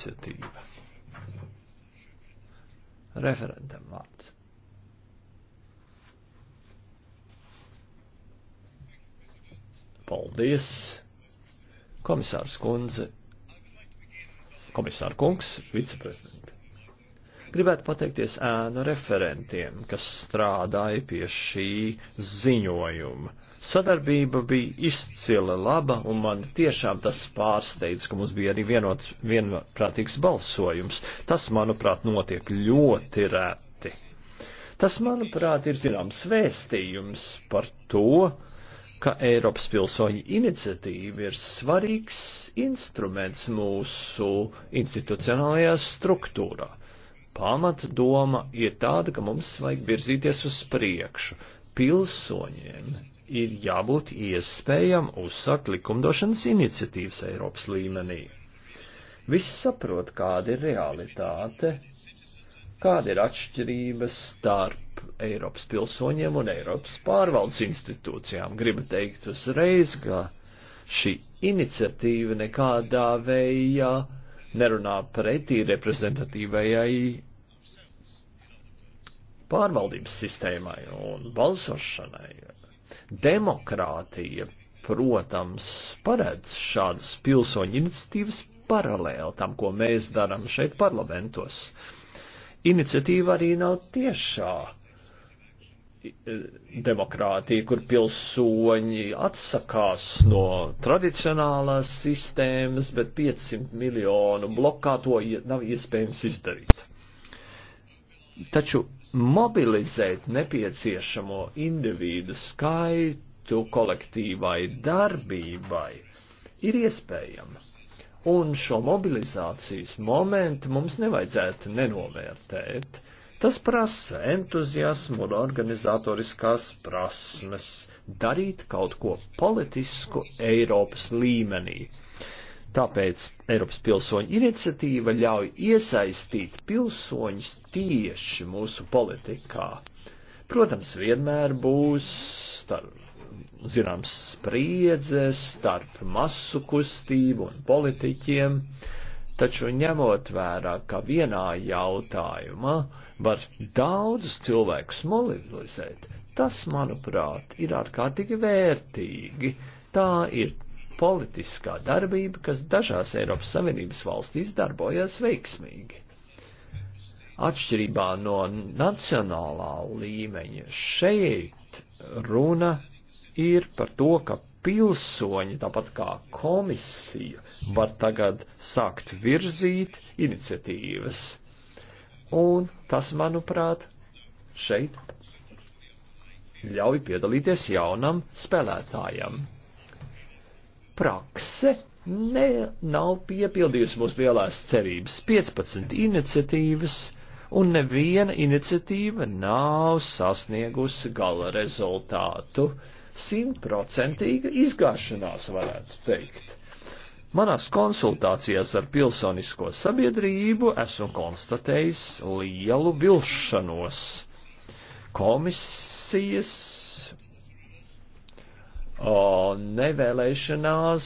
iniciatīva. Referendam vārds. Paldies, komisārs kundze, komisāra kungs, viceprezidenti. Gribētu pateikties ēnu referentiem, kas strādāja pie šī ziņojuma Sadarbība bija izcila laba, un man tiešām tas pārsteidz, ka mums bija arī vienots, vienprātīgs balsojums. Tas, manuprāt, notiek ļoti reti. Tas, manuprāt, ir zināms vēstījums par to, ka Eiropas pilsoņu iniciatīva ir svarīgs instruments mūsu institucionālajā struktūrā. Pamatdoma ir tāda, ka mums vajag virzīties uz priekšu. Pilsoņiem ir jābūt iespējam uzsākt likumdošanas iniciatīvas Eiropas līmenī. Visi saprot, kāda ir realitāte, kāda ir atšķirības starp Eiropas pilsoņiem un Eiropas pārvaldes institūcijām. Gribu teikt uzreiz, ka šī iniciatīva nekādā veidā nerunā pretī reprezentatīvajai pārvaldības sistēmai un balsošanai Demokrātija, protams, paredz šādas pilsoņu iniciatīvas paralēli tam, ko mēs darām šeit parlamentos. Iniciatīva arī nav tiešā demokrātija, kur pilsoņi atsakās no tradicionālās sistēmas, bet 500 miljonu blokā to nav iespējams izdarīt. Taču mobilizēt nepieciešamo individu skaitu kolektīvai darbībai ir iespējama. Un šo mobilizācijas momentu mums nevajadzētu nenovērtēt. Tas prasa entuziasmu un organizatoriskās prasmes darīt kaut ko politisku Eiropas līmenī. Tāpēc Eiropas pilsoņu iniciatīva ļauj iesaistīt pilsoņus tieši mūsu politikā. Protams, vienmēr būs starp, zināms, spriedzes starp masu kustību un politiķiem, taču ņemot vērā, ka vienā jautājumā var daudzus cilvēkus mobilizēt, tas, manuprāt, ir ārkārtīgi vērtīgi. Tā ir politiskā darbība, kas dažās Eiropas Savienības valstīs darbojas veiksmīgi. Atšķirībā no nacionālā līmeņa šeit runa ir par to, ka pilsoņi, tāpat kā komisija, var tagad sākt virzīt iniciatīvas. Un tas, manuprāt, šeit ļauj piedalīties jaunam spēlētājam prakse ne, nav piepildījusi mūsu lielās cerības. 15 iniciatīvas un neviena iniciatīva nav sasniegusi gala rezultātu. Simtprocentīga izgāšanās varētu teikt. Manās konsultācijās ar pilsonisko sabiedrību esmu konstatējis lielu vilšanos. Komisijas o, nevēlēšanās,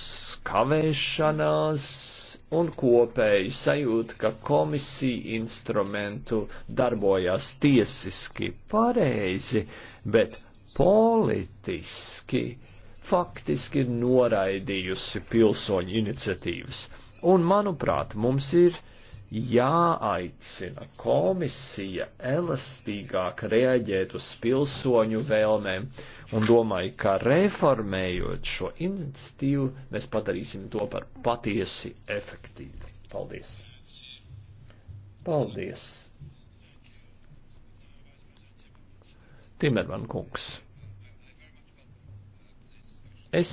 kavēšanās un kopēji sajūta, ka komisija instrumentu darbojās tiesiski pareizi, bet politiski faktiski ir noraidījusi pilsoņu iniciatīvas. Un, manuprāt, mums ir jāaicina komisija elastīgāk reaģēt uz pilsoņu vēlmēm un domāju, ka reformējot šo iniciatīvu, mēs padarīsim to par patiesi efektīvu. Paldies! Paldies! Timerman kungs. Es,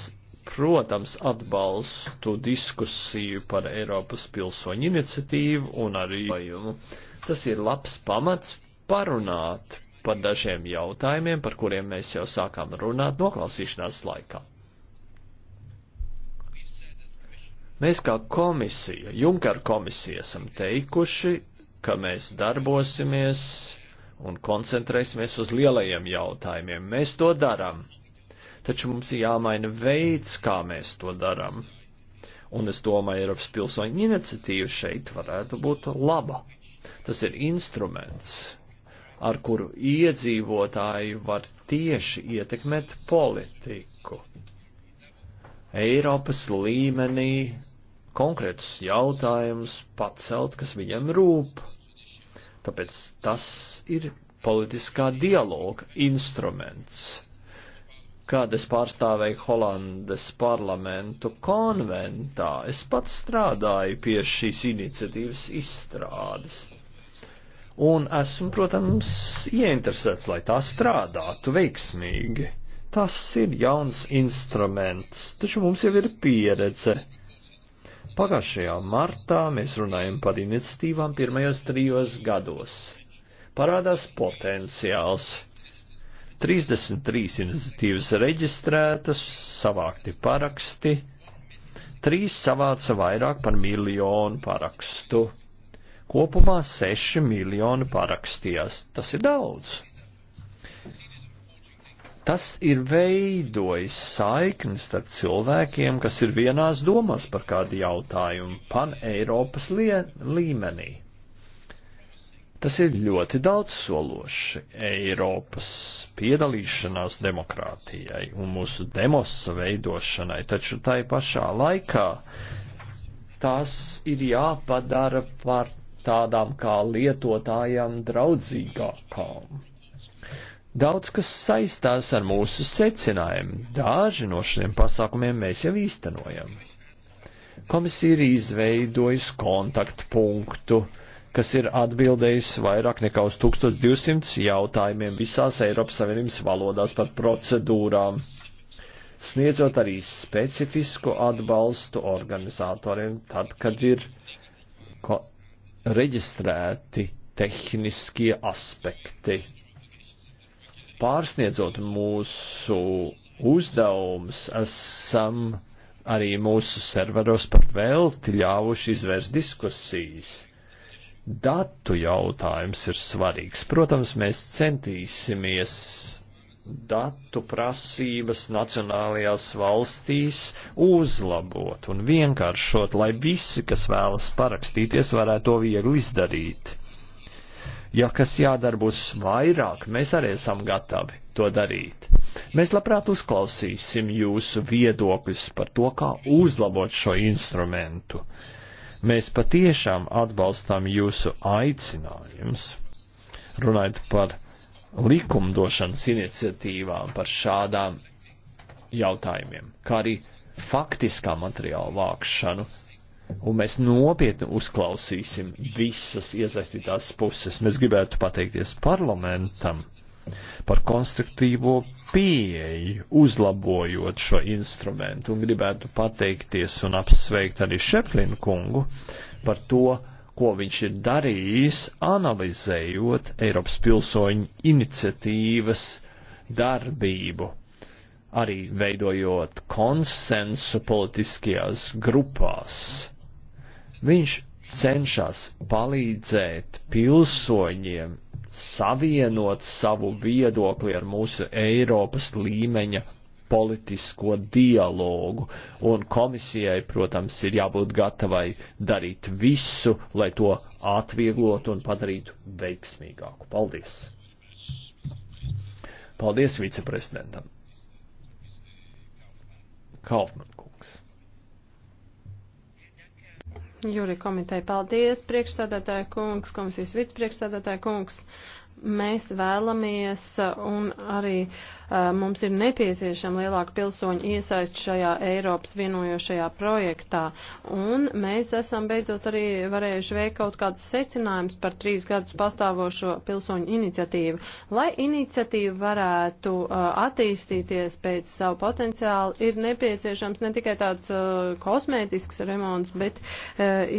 protams, atbalstu diskusiju par Eiropas pilsoņu iniciatīvu un arī. Tas ir labs pamats parunāt par dažiem jautājumiem, par kuriem mēs jau sākām runāt noklausīšanās laikā. Mēs kā komisija, Junkar komisija, esam teikuši, ka mēs darbosimies un koncentrēsimies uz lielajiem jautājumiem. Mēs to darām, taču mums ir jāmaina veids, kā mēs to darām. Un es domāju, Eiropas pilsoņu iniciatīva šeit varētu būt laba. Tas ir instruments, ar kuru iedzīvotāji var tieši ietekmēt politiku. Eiropas līmenī konkrētus jautājumus pacelt, kas viņam rūp. Tāpēc tas ir politiskā dialoga instruments. Kad es pārstāvēju Holandes parlamentu konventā, es pats strādāju pie šīs iniciatīvas izstrādes Un esmu, protams, ieinteresēts, lai tā strādātu veiksmīgi. Tas ir jauns instruments, taču mums jau ir pieredze. Pagājušajā martā mēs runājam par iniciatīvām pirmajos trijos gados. Parādās potenciāls. 33 iniciatīvas reģistrētas, savākti paraksti, trīs savāca vairāk par miljonu parakstu. Kopumā 6 miljoni parakstījās. Tas ir daudz. Tas ir veidojis saiknis starp cilvēkiem, kas ir vienās domās par kādu jautājumu pan-Eiropas līmenī. Tas ir ļoti daudz sološi Eiropas piedalīšanās demokrātijai un mūsu demosa veidošanai, taču tai pašā laikā tās ir jāpadara par tādām kā lietotājām draudzīgākām. Daudz kas saistās ar mūsu secinājumiem, daži no šiem pasākumiem mēs jau īstenojam. Komisija ir izveidojusi kontaktpunktu, kas ir atbildējis vairāk nekā uz 1200 jautājumiem visās Eiropas Savienības valodās par procedūrām, sniedzot arī specifisku atbalstu organizatoriem tad, kad ir ko reģistrēti tehniskie aspekti. Pārsniedzot mūsu uzdevums, esam arī mūsu serveros par velti ļāvuši izvērst diskusijas. Datu jautājums ir svarīgs. Protams, mēs centīsimies datu prasības nacionālajās valstīs uzlabot un vienkāršot, lai visi, kas vēlas parakstīties, varētu to viegli izdarīt. Ja kas jādara būs vairāk, mēs arī esam gatavi to darīt. Mēs labprāt uzklausīsim jūsu viedokļus par to, kā uzlabot šo instrumentu. Mēs patiešām atbalstām jūsu aicinājumus runājot par likumdošanas iniciatīvām par šādām jautājumiem, kā arī faktiskā materiāla vākšanu. Un mēs nopietni uzklausīsim visas iesaistītās puses. Mēs gribētu pateikties parlamentam par konstruktīvo pieeju, uzlabojot šo instrumentu, un gribētu pateikties un apsveikt arī Šeplinu kungu par to, ko viņš ir darījis, analizējot Eiropas pilsoņu iniciatīvas darbību, arī veidojot konsensu politiskajās grupās. Viņš cenšas palīdzēt pilsoņiem savienot savu viedokli ar mūsu Eiropas līmeņa politisko dialogu, un komisijai, protams, ir jābūt gatavai darīt visu, lai to atvieglotu un padarītu veiksmīgāku. Paldies! Paldies viceprezidentam! Kaufman kungs. Jūri komiteja, paldies, priekšstādātāja kungs, komisijas vicepriekšstādātāja kungs. Mēs vēlamies un arī uh, Mums ir nepieciešama lielāka pilsoņa iesaist šajā Eiropas vienojošajā projektā. Un mēs esam beidzot arī varējuši veikt kaut kādus secinājumus par trīs gadus pastāvošo pilsoņu iniciatīvu. Lai iniciatīva varētu attīstīties pēc savu potenciālu, ir nepieciešams ne tikai tāds kosmētisks remonts, bet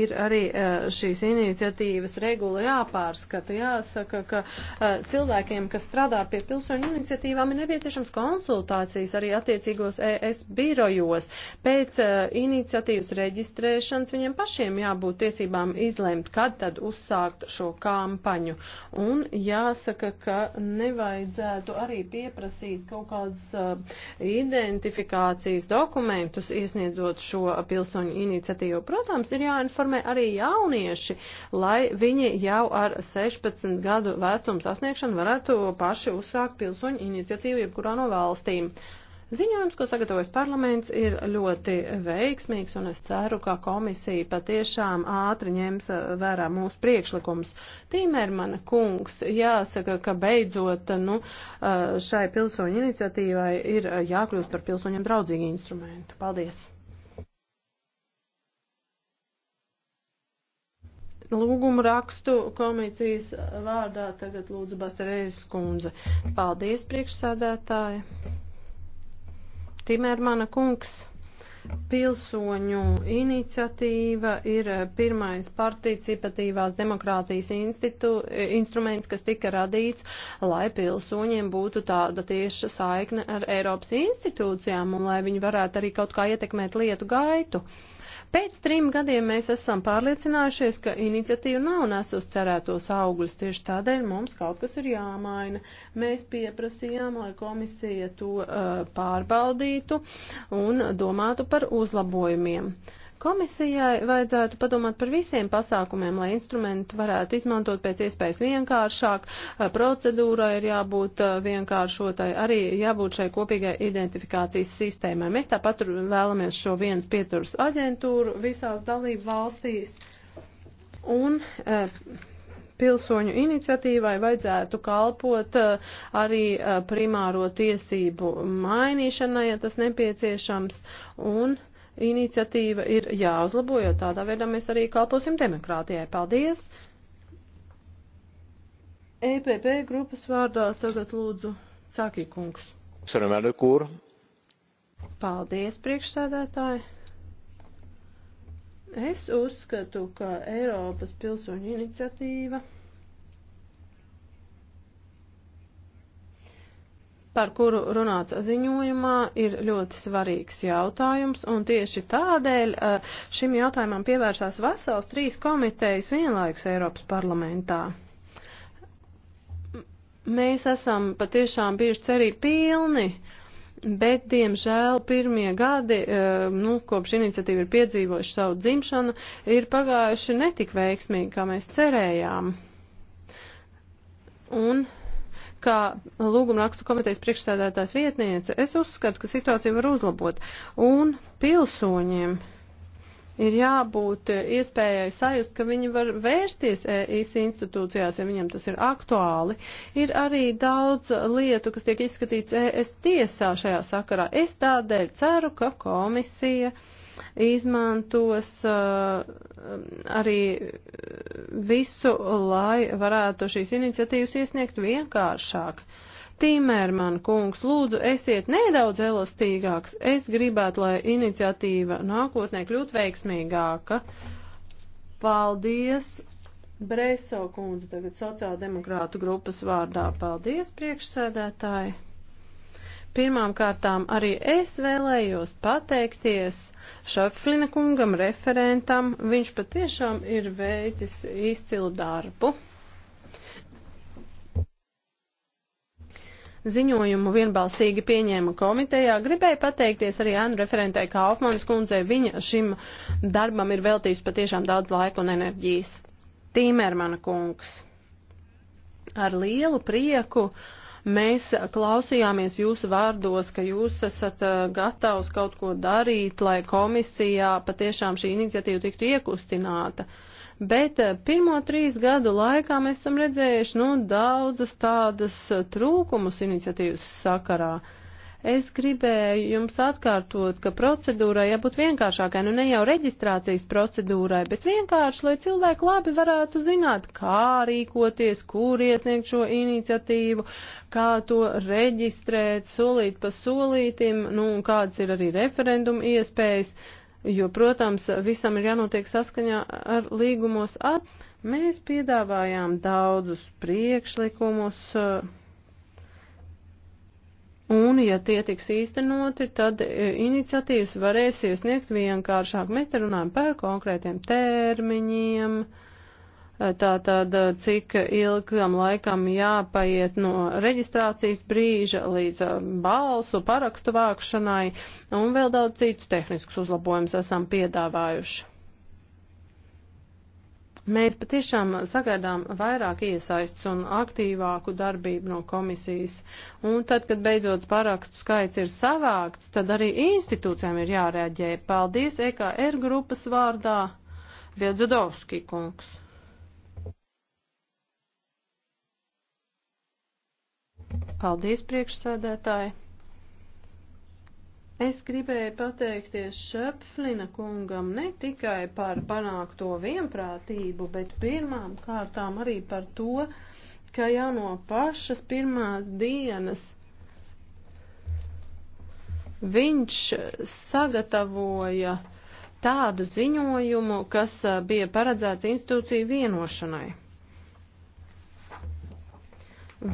ir arī šīs iniciatīvas regula jāpārskata. Jāsaka, ka cilvēkiem, kas strādā pie pilsoņu iniciatīvām, ir nepieciešams nepieciešams konsultācijas arī attiecīgos ES birojos. Pēc uh, iniciatīvas reģistrēšanas viņiem pašiem jābūt tiesībām izlemt, kad tad uzsākt šo kampaņu. Un jāsaka, ka nevajadzētu arī pieprasīt kaut kādas uh, identifikācijas dokumentus iesniedzot šo pilsoņu iniciatīvu. Protams, ir jāinformē arī jaunieši, lai viņi jau ar 16 gadu vecumu sasniegšanu varētu paši uzsākt pilsoņu iniciatīvu, ja jebkurā no valstīm. Ziņojums, ko sagatavojas parlaments, ir ļoti veiksmīgs, un es ceru, ka komisija patiešām ātri ņems eh, vērā mūsu priekšlikumus. Tīmērmana kungs jāsaka, ka beidzot nu, eh, šai pilsoņu iniciatīvai ir eh, jākļūst par pilsoņiem draudzīgu instrumentu. Paldies! lūgumu rakstu komisijas vārdā tagad lūdzu Basarējas kundze. Paldies, priekšsādētāji. Timermana kungs. Pilsoņu iniciatīva ir pirmais participatīvās demokrātijas instruments, kas tika radīts, lai pilsoņiem būtu tāda tieša saikne ar Eiropas institūcijām un lai viņi varētu arī kaut kā ietekmēt lietu gaitu. Uh, Pēc trim gadiem mēs esam pārliecinājušies, ka iniciatīva nav nesus cerētos augļus, tieši tādēļ mums kaut kas ir jāmaina. Mēs pieprasījām, lai komisija to uh, pārbaudītu un domātu par uzlabojumiem. Uh, Komisijai vajadzētu padomāt par visiem pasākumiem, lai instrumentu varētu izmantot pēc iespējas vienkāršāk. Eh, procedūra ir jābūt eh, vienkāršotai, arī jābūt šai kopīgai identifikācijas sistēmai. Mēs tāpat vēlamies šo vienas pieturas aģentūru visās dalību valstīs. Un, eh, pilsoņu iniciatīvai vajadzētu kalpot arī primāro tiesību mainīšanai, ja tas nepieciešams, un iniciatīva ir jāuzlabo, jo tādā veidā mēs arī kalposim demokrātijai. Paldies! EPP grupas vārdā tagad lūdzu Cākī kungs. Paldies, priekšsēdētāji! Es uzskatu, ka Eiropas pilsoņu iniciatīva par kuru runāts ziņojumā, ir ļoti svarīgs jautājums, un tieši tādēļ eh, šim jautājumam pievērsās vesels trīs komitejas vienlaikus Eiropas parlamentā. Mēs esam patiešām bijuši cerību pilni, bet, diemžēl, pirmie gadi, eh, nu, kopš iniciatīva ir piedzīvojuši savu dzimšanu, ir pagājuši netik veiksmīgi, kā mēs cerējām. Un kā lūguma rakstu komitejas priekšsēdētājs vietniece, es uzskatu, ka situācija var uzlabot. Un pilsoņiem ir jābūt eh, iespējai sajust, ka viņi var vērsties EIS institūcijās, ja viņam tas ir aktuāli. Ir arī daudz lietu, kas tiek izskatīts ES tiesā šajā sakarā. Es tādēļ ceru, ka komisija izmantos uh, arī visu, lai varētu šīs iniciatīvas iesniegt vienkāršāk. Tīmērman kungs, lūdzu, esiet nedaudz elastīgāks. Es gribētu, lai iniciatīva nākotnē kļūtu veiksmīgāka. Paldies, Breiso kundze, tagad sociāldemokrātu grupas vārdā. Paldies, priekšsēdētāji! Pirmām kārtām arī es vēlējos pateikties Šafrina kungam, referentam. Viņš patiešām ir veicis izcilu darbu. ziņojumu vienbalsīgi pieņēma komitejā. Gribēju pateikties arī Anu referentē Kaufmanas kundzei. Viņa šim darbam ir veltījusi patiešām daudz laika un enerģijas. Tīmērmana kungs. Ar lielu prieku uh, Mēs klausījāmies jūsu vārdos, ka jūs esat uh, gatavs kaut ko darīt, lai komisijā patiešām šī iniciatīva tiktu iekustināta. Bet uh, pirmo trīs gadu laikā mēs esam redzējuši nu, daudzas tādas uh, trūkumus iniciatīvas sakarā. Uh, Es gribēju jums atkārtot, ka procedūrai jābūt vienkāršākai, nu ne jau reģistrācijas procedūrai, bet vienkārši, lai cilvēki labi varētu zināt, kā rīkoties, kur iesniegt šo iniciatīvu, kā to reģistrēt, solīt pa solītim, nu, kādas ir arī referendumu iespējas, jo, protams, visam ir jānotiek saskaņā ar līgumos at. Mēs piedāvājām daudzus priekšlikumus. Uh, un, ja tie tiks īstenoti, tad e, iniciatīvas varēs iesniegt vienkāršāk. Mēs te runājam par konkrētiem termiņiem, e, tātad e, cik ilgam laikam jāpaiet no reģistrācijas brīža līdz balsu parakstu vākšanai, un vēl daudz citus tehniskus uzlabojumus esam piedāvājuši. Mēs patiešām sagaidām vairāk iesaists un aktīvāku darbību no komisijas. Un tad, kad beidzot parakstu skaits ir savākts, tad arī institūcijām ir jārēģē. Paldies EKR grupas vārdā Viedzudovski kungs. Paldies priekšsēdētāji. Es gribēju pateikties Šepflina kungam ne tikai par panākto vienprātību, bet pirmām kārtām arī par to, ka jau no pašas pirmās dienas viņš sagatavoja tādu ziņojumu, kas eh, bija paredzēts institūciju vienošanai.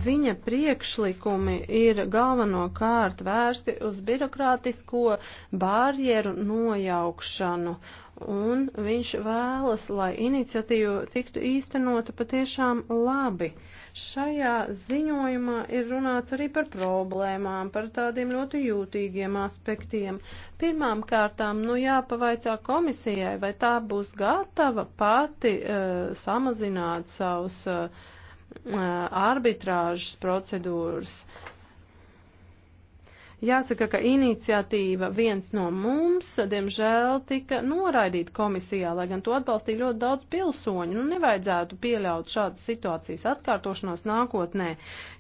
Viņa priekšlikumi ir galvenokārt vērsti uz birokrātisko barjeru nojaukšanu, un viņš vēlas, lai iniciatīva tiktu īstenota patiešām labi. Šajā ziņojumā ir runāts arī par problēmām, par tādiem ļoti jūtīgiem aspektiem. Pirmām kārtām, nu jāpavaicā komisijai, vai tā būs gatava pati uh, samazināt savus uh, arbitrāžas procedūras. Jāsaka, ka iniciatīva viens no mums, diemžēl, tika noraidīta komisijā, lai gan to atbalstīja ļoti daudz pilsoņu. Nu, nevajadzētu pieļaut šādas situācijas atkārtošanos nākotnē,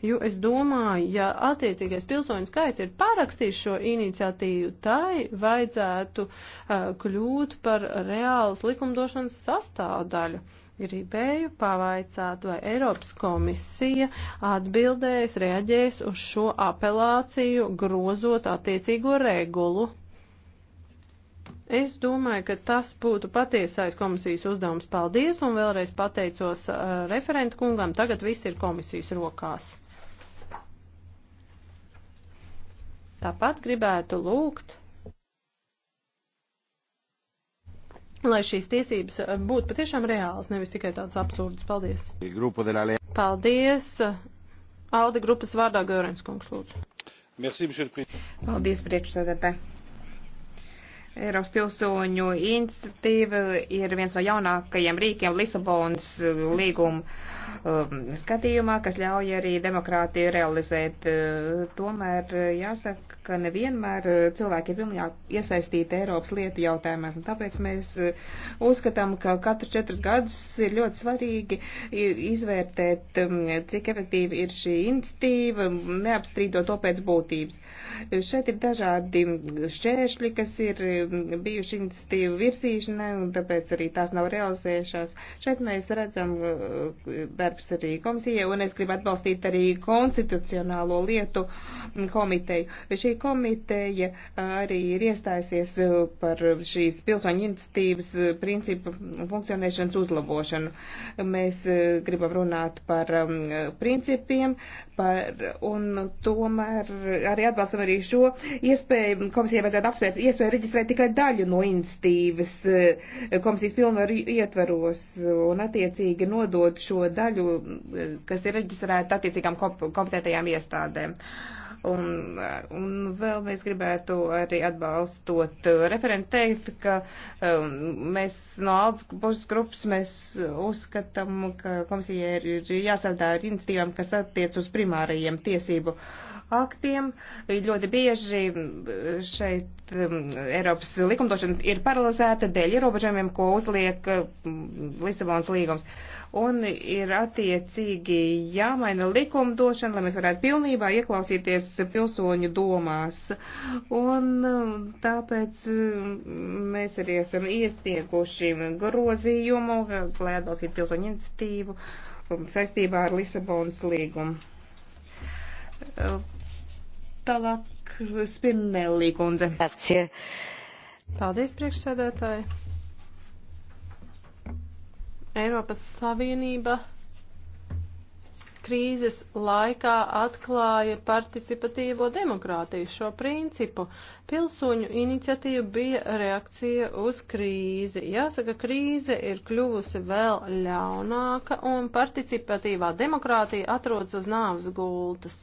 jo es domāju, ja attiecīgais pilsoņu skaits ir parakstījis šo iniciatīvu, tai vajadzētu uh, kļūt par reālas likumdošanas sastāvdaļu gribēju pavaicāt, vai Eiropas komisija atbildēs, reaģēs uz šo apelāciju, grozot attiecīgo regulu. Es domāju, ka tas būtu patiesais komisijas uzdevums. Paldies un vēlreiz pateicos uh, referentu kungam. Tagad viss ir komisijas rokās. Tāpat gribētu lūgt lai šīs tiesības eh, būtu patiešām reālas, nevis tikai tāds absurds. Paldies. Paldies. Alde grupas vārdā Görens kungs lūdzu. Merci, Paldies, priekšsēdētāji. Eiropas pilsoņu iniciatīva ir viens no jaunākajiem rīkiem Lisabonas eh, līguma um, skatījumā, kas ļauj arī demokrātiju realizēt. Eh, tomēr jāsaka, ka nevienmēr eh, cilvēki ir pilnībā iesaistīti Eiropas lietu jautājumās, un tāpēc mēs eh, uzskatām, ka katru četrus gadus ir ļoti svarīgi izvērtēt, mm, cik efektīvi ir šī institīva, neapstrīdot to pēc būtības. Šeit ir dažādi mm, šķēršļi, kas ir mm, bijuši institīvu virzīšanai, un tāpēc arī tās nav realizējušās. Šeit mēs redzam eh, darbs arī komisijai, un es gribu atbalstīt arī konstitucionālo lietu komiteju. Šī komiteja arī ir iestājusies uh, par šīs pilsoņu iniciatīvas uh, principu funkcionēšanas uzlabošanu. Mēs uh, gribam runāt par um, principiem, par, un tomēr arī atbalstam arī šo iespēju, komisijai vajadzētu apsvērt iespēju reģistrēt tikai daļu no iniciatīvas komisijas pilnvaru ietveros un attiecīgi nodot šo daļu, kas ir reģistrēta attiecīgām kompetētajām iestādēm. Uh, Un, un vēl mēs gribētu arī atbalstot referentu teikt, ka um, mēs no Aldas puses grupas mēs uzskatām, ka komisija ir, ir jāsardā ar iniciatīvām, kas attiec uz primārajiem tiesību aktiem. Ļoti bieži šeit um, Eiropas likumdošana ir paralizēta dēļ ierobežojumiem, ko uzliek um, Lisabonas līgums. Uh, un ir attiecīgi jāmaina likumdošana, lai mēs varētu pilnībā ieklausīties pilsoņu domās. Un um, tāpēc um, mēs arī esam iestieguši grozījumu, lai atbalstītu pilsoņu iniciatīvu um, saistībā ar Lisabonas līgumu. Uh, tālāk Spinelli kundze. Paldies, priekšsēdētāji. Eiropas Savienība krīzes laikā atklāja participatīvo demokrātiju šo principu. Pilsoņu iniciatīva bija reakcija uz krīzi. Jāsaka, krīze ir kļuvusi vēl ļaunāka un participatīvā demokrātija atrodas uz nāvas gultas.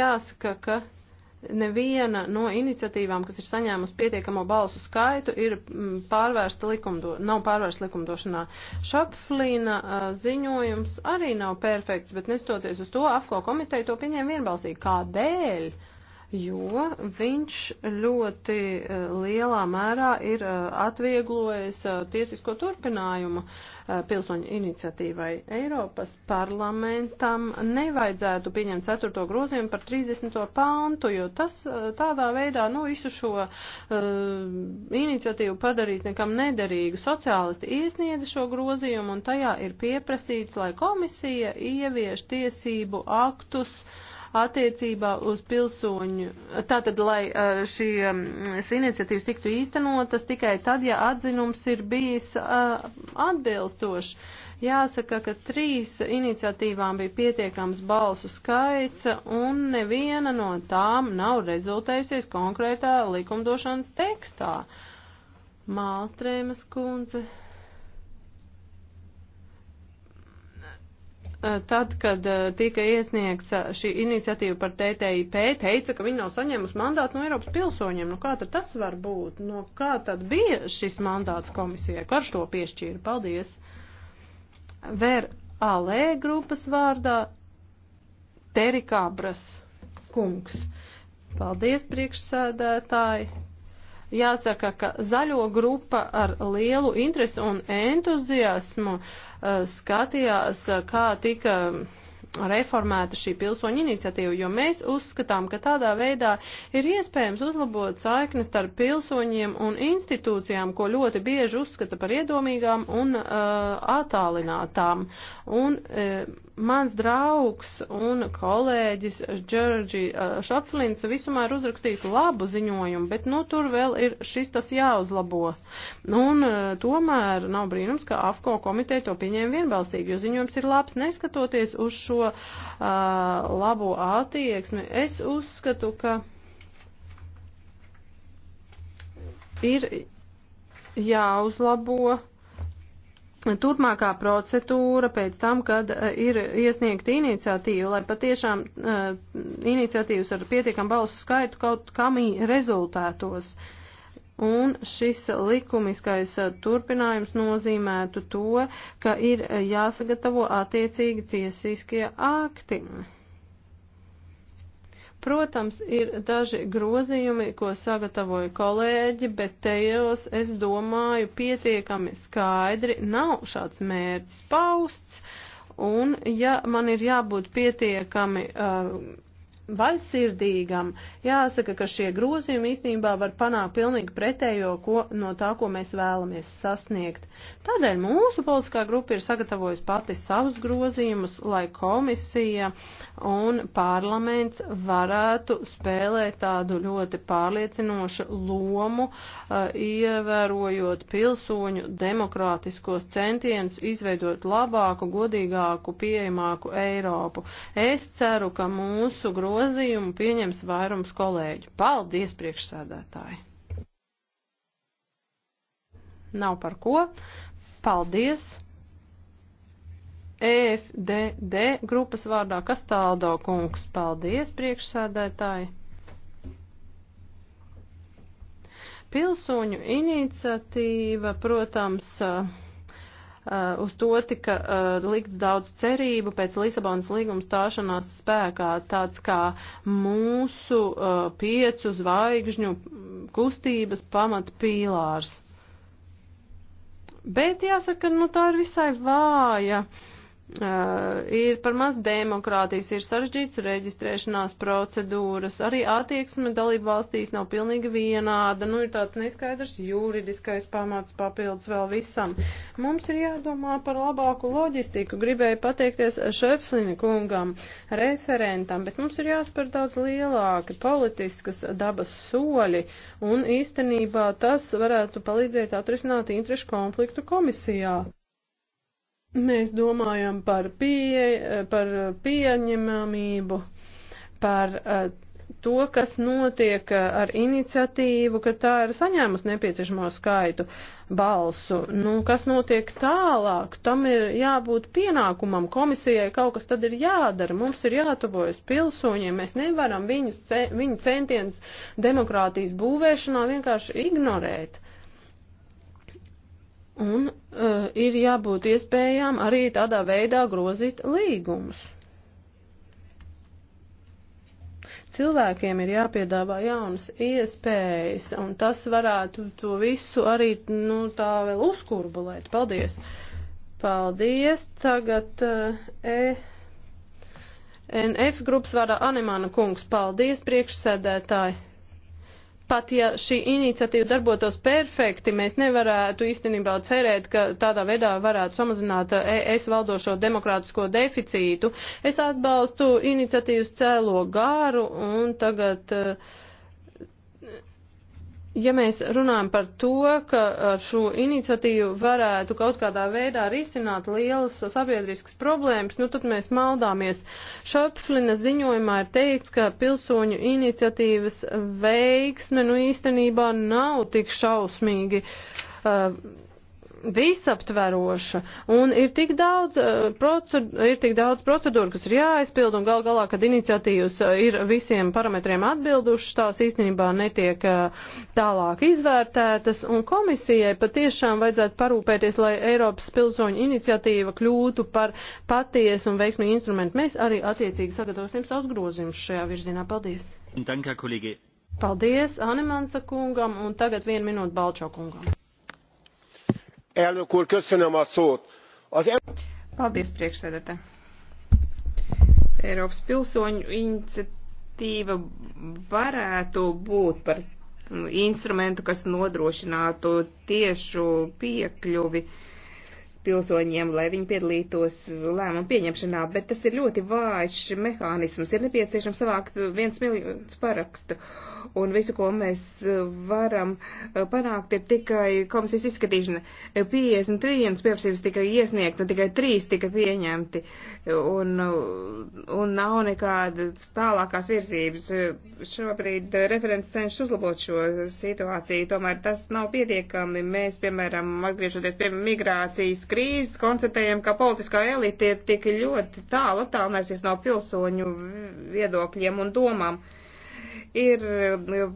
Jāsaka, ka neviena no iniciatīvām, kas ir saņēmusi pietiekamo balsu skaitu, ir mm, pārvērsta likumdo, nav pārvērsta likumdošanā. Šapflīna ziņojums arī nav perfekts, bet nestoties uz to, AFKO komiteja to pieņēma vienbalsīgi. Kādēļ? Uh, jo viņš ļoti e, lielā mērā ir e, atvieglojis e, tiesisko turpinājumu pilsoņu iniciatīvai. Eiropas parlamentam nevajadzētu pieņemt 4. grozījumu par 30. pāntu, jo tas tādā veidā, nu, visu šo uh, iniciatīvu padarīt nekam nederīgu. Sociālisti iesniedza šo grozījumu un tajā ir pieprasīts, lai komisija ievieš tiesību aktus, uh, attiecībā uz pilsoņu. Tātad, lai šīs iniciatīvas tiktu īstenotas tikai tad, ja atzinums ir bijis atbilstošs. Jāsaka, ka trīs iniciatīvām bija pietiekams balsu skaits, un neviena no tām nav rezultējusies konkrētā likumdošanas tekstā. Mālstrēmas kundze Eh, tad, kad eh, tika iesniegts eh, šī iniciatīva par TTIP, teica, ka viņi nav saņēmusi mandātu no Eiropas pilsoņiem. Nu, kā tad tas var būt? No nu, kā tad bija šis mandāts komisijai? Karš to piešķīra. Paldies. Ver Alē grupas vārdā Terikābras kungs. Paldies, priekšsēdētāji. Jāsaka, ka zaļo grupa ar lielu interesi un entuziasmu uh, skatījās, eh, kā tika mm, reformēta šī pilsoņa iniciatīva, jo mēs uzskatām, ka tādā veidā ir iespējams uzlabot saiknes starp pilsoņiem un institūcijām, ko ļoti bieži uzskata par iedomīgām un uh, attālinātām. Un, uh, mans draugs un kolēģis Džordži uh, Šaflins visumār uzrakstīs labu ziņojumu, bet nu tur vēl ir šis tas jāuzlabo. Nu, un uh, tomēr nav brīnums, ka AFCO komiteja to pieņēma vienbalsīgi, jo ziņojums ir labs neskatoties uz šo uh, labo attieksmi. Es uzskatu, ka ir jāuzlabo. Turpmākā procedūra pēc tam, kad eh, ir iesniegta iniciatīva, lai patiešām eh, iniciatīvas ar pietiekam balsu skaitu kaut kam rezultātos. Un šis likumiskais eh, turpinājums nozīmētu to, ka ir jāsagatavo attiecīgi tiesiskie akti. Protams, ir daži grozījumi, ko sagatavoja kolēģi, bet tajos, es domāju, pietiekami skaidri nav šāds mērķis pausts. Un, ja man ir jābūt pietiekami uh, vaļsirdīgam. Jāsaka, ka šie grozījumi īstenībā var panākt pilnīgi pretējo ko, no tā, ko mēs vēlamies sasniegt. Tādēļ mūsu politiskā grupa ir sagatavojusi pati savus grozījumus, lai komisija un parlaments varētu spēlēt tādu ļoti pārliecinošu lomu, eh, ievērojot pilsoņu demokrātiskos centienus, izveidot labāku, godīgāku, pieejamāku Eiropu. Es ceru, ka mūsu grozījumi grozījumu pieņems vairums kolēģu. Paldies, priekšsēdētāji! Nav par ko. Paldies! EFDD grupas vārdā Kastaldo kungs. Paldies, priekšsēdētāji! Pilsoņu iniciatīva, protams, uh, Uh, uz to tika uh, likts daudz cerību pēc Lisabonas līguma stāšanās spēkā, tāds kā mūsu uh, piecu zvaigžņu kustības pamatpīlārs. Bet jāsaka, nu tā ir visai vāja. Uh, Uh, ir par maz demokrātijas, ir sarežģīts reģistrēšanās procedūras, arī attieksme dalību valstīs nav pilnīgi vienāda, nu ir tāds neskaidrs juridiskais pamats papildus vēl visam. Mums ir jādomā par labāku loģistiku, gribēju pateikties Šeflina kungam, referentam, bet mums ir jāspēr daudz lielāki politiskas dabas soļi, un īstenībā tas varētu palīdzēt atrisināt interešu konfliktu komisijā. Mēs domājam par, pie, par pieņemamību, par eh, to, kas notiek eh, ar iniciatīvu, ka tā ir saņēmusi nepieciešamo skaitu balsu. Nu, kas notiek tālāk? Tam ir jābūt pienākumam komisijai, kaut kas tad ir jādara. Mums ir jātuvojas pilsoņiem. Mēs nevaram viņus, viņu centienus demokrātijas būvēšanā vienkārši ignorēt. Uh, Un uh, ir jābūt iespējām arī tādā veidā grozīt līgumus. Cilvēkiem ir jāpiedāvā jaunas iespējas, un tas varētu to visu arī, nu, tā vēl uzkurbulēt. Paldies! Paldies! Tagad uh, e. NF grupas vārā Animāna kungs. Paldies, priekšsēdētāji! Pat ja šī iniciatīva darbotos perfekti, mēs nevarētu īstenībā cerēt, ka tādā veidā varētu samazināt ES valdošo demokrātisko deficītu. Es atbalstu iniciatīvas cēlo gāru un tagad. Uh, ja mēs runājam par to, ka ar šo iniciatīvu varētu kaut kādā veidā risināt lielas sabiedriskas problēmas, nu tad mēs maldāmies. Šopflina ziņojumā ir teikts, ka pilsoņu iniciatīvas veiksme nu īstenībā nav tik šausmīgi. Uh, visaptveroša un ir tik daudz, eh, procedu, ir tik daudz procedūru, kas ir jāaizpild un gal galā, kad iniciatīvas eh, ir visiem parametriem atbildušas, tās īstenībā netiek eh, tālāk izvērtētas un komisijai patiešām vajadzētu parūpēties, lai Eiropas pilsoņu iniciatīva kļūtu par patiesu un veiksmīgu instrumentu. Mēs arī attiecīgi sagatavosim savus grozījumus šajā virzienā. Paldies! Danke, Paldies Animansa kungam un tagad vienu minūtu Balčo kungam elnök úr köszönöm a szót. az Paldies, priekšsēdētāj. Eiropas pilsoņu iniciatīva varētu būt par instrumentu, kas nodrošinātu tiešu piekļuvi uh, pilsoņiem, lai viņi piedalītos lēmumu pieņemšanā, bet tas ir ļoti vājš mehānisms. Ir nepieciešams savākt viens miljons parakstu, un visu, ko mēs varam eh, panākt, ir tikai komisijas izskatīšana. 51 pieprasījums tika iesniegts, un tikai 3 tika pieņemti, un, un nav nekādas tālākās virzības. Šobrīd referents cenšas uzlabot šo situāciju, tomēr tas nav pietiekami. Mēs, piemēram, atgriežoties pie migrācijas, krīzes koncentrējam, ka politiskā elite ir tik ļoti tālu attālinājusies no pilsoņu viedokļiem un domām. Ir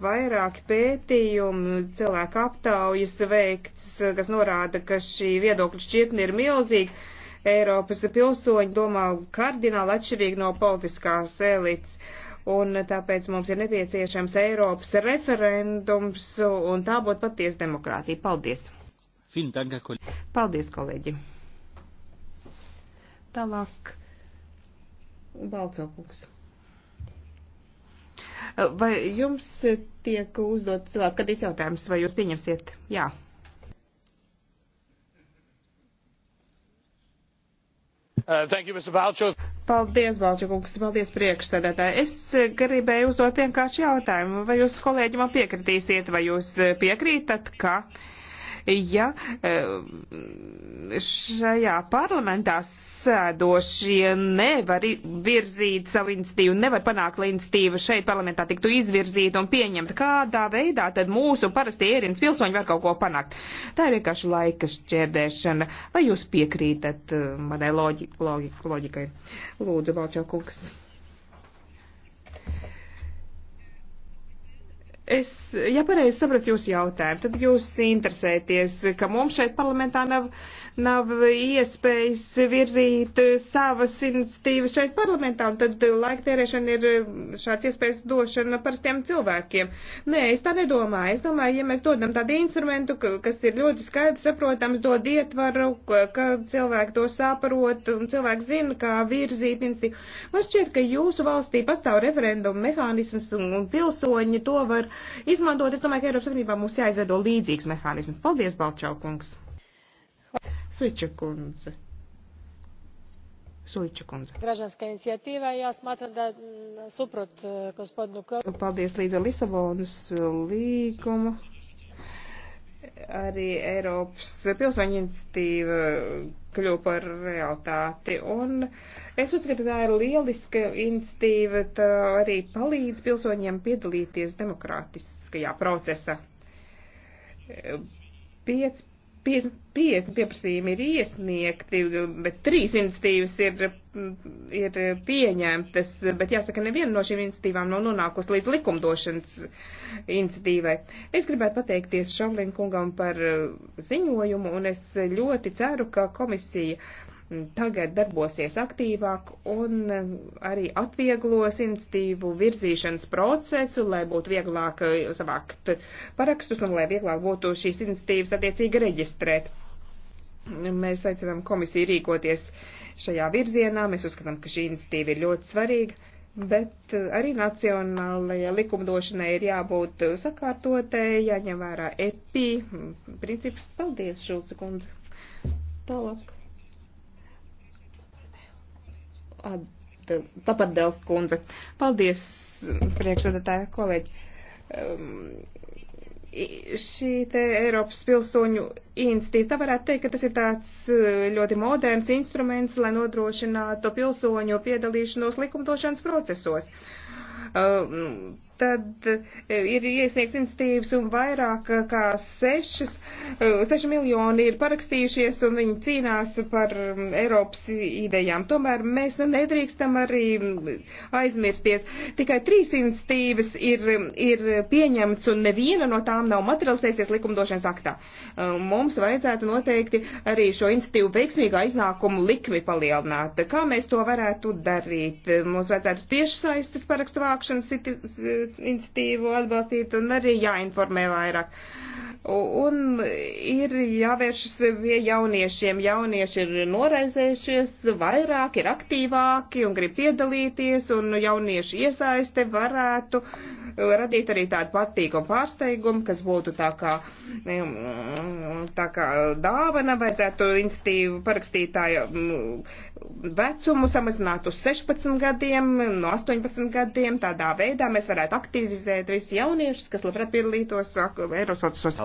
vairāki pētījumi, cilvēku aptaujas veikts, kas norāda, ka šī viedokļu šķirtne ir milzīga. Eiropas pilsoņi domā kardināli atšķirīgi no politiskās elites un tāpēc mums ir nepieciešams Eiropas referendums, un tā būtu patiesa demokrātija. Paldies! Paldies, kolēģi! Tālāk, Balcokungs. Vai jums tiek uzdot cilvēks kādīts jautājums, vai jūs pieņemsiet? Jā. Uh, thank you, Mr. Balčo. Paldies, Balčakungs, paldies priekšsēdētāji. Es gribēju uzdot vienkārši jautājumu, vai jūs kolēģi man piekritīsiet, vai jūs piekrītat, ka. Uh, ja e, šajā parlamentā sēdošie nevar virzīt savu iniciatīvu, nevar panākt, lai iniciatīva šeit parlamentā tiktu izvirzīta un pieņemta, kādā veidā tad mūsu parastie ierins pilsoņi var kaut ko panākt. Tā ir vienkārši laika šķērdēšana. Vai jūs piekrītat e, manai loģi, loģi, loģikai? Lūdzu, Valčā kungs. Es, ja pareizi sapratu jūsu jautājumu, tad jūs interesēties, ka mums šeit parlamentā nav uh, nav iespējas virzīt savas iniciatīvas šeit parlamentā, un tad laika tērēšana ir šāds iespējas došana parastiem cilvēkiem. Nē, es tā nedomāju. Es domāju, ja mēs dodam tādu instrumentu, kas ir ļoti skaidrs, saprotams, dod ietvaru, ka cilvēki to saprot, un cilvēki zina, kā virzīt iniciatīvu. Man šķiet, ka jūsu valstī pastāv referendumu mehānisms, un, un pilsoņi to var izmantot. Es domāju, ka Eiropas Savienībā mums jāizveido līdzīgs mehānisms. Paldies, Balčaukungs! Suiča kundze. Suiča kundze. Gražanska inicijatīva, ja smatram da mm, suprot e, gospodinu Kovu. Paldies līdz ar Lisabonas līgumu. Arī Eiropas pilsoņu iniciatīva kļuva par realitāti. Un es uzskatu, tā ir lieliska iniciatīva, tā arī palīdz pilsoņiem piedalīties demokrātiskajā procesā. 5 50, 50 pieprasījumi ir iesniegti, bet trīs iniciatīvas ir, ir pieņemtas, bet jāsaka, neviena no šīm iniciatīvām nav nonākusi līdz likumdošanas iniciatīvai. Es gribētu pateikties Šavlin kungam par ziņojumu, un es ļoti ceru, ka komisija tagad darbosies aktīvāk un arī atvieglos institīvu virzīšanas procesu, lai būtu vieglāk eh, savākt parakstus un lai vieglāk būtu šīs institīvas attiecīgi reģistrēt. Mēs aicinām komisiju rīkoties šajā virzienā, mēs uzskatām, ka šī institīva ir ļoti svarīga. Bet eh, arī nacionālajai likumdošanai ir jābūt sakārtotēji, jāņem vērā EPI. Princips, paldies, Šulce kundze. Tālāk. Tapardēls kundze. Paldies, priekšsēdētāja kolēģi. Um, šī te Eiropas pilsoņu institīva, varētu teikt, ka tas ir tāds uh, ļoti moderns instruments, lai nodrošinātu pilsoņu piedalīšanos likumdošanas procesos. Uh, tad e, ir iesniegts institīvas un vairāk e, kā 6, 6 e, miljoni ir parakstījušies un viņi cīnās par Eiropas idejām. Tomēr mēs nedrīkstam arī aizmirsties. Tikai trīs institīvas ir, ir pieņemts un neviena no tām nav materializēsies likumdošanas aktā. Mums vajadzētu noteikti arī šo institīvu veiksmīgā iznākumu likmi palielināt. Kā mēs to varētu darīt? Mums vajadzētu tiešsaistes parakstu vākšanas iniciatīvu atbalstīt un arī jāinformē vairāk. Un ir jāvēršas pie jauniešiem. Jaunieši ir noraizējušies vairāk, ir aktīvāki un grib piedalīties, un jauniešu iesaiste varētu radīt arī tādu patīkumu pārsteigumu, kas būtu tā kā, tā kā dāvana, vajadzētu institīvu parakstītāju vecumu samazināt uz 16 gadiem, no 18 gadiem. Tādā veidā mēs varētu aktivizēt visus jauniešus, kas labprāt piedalītos Eirosotos.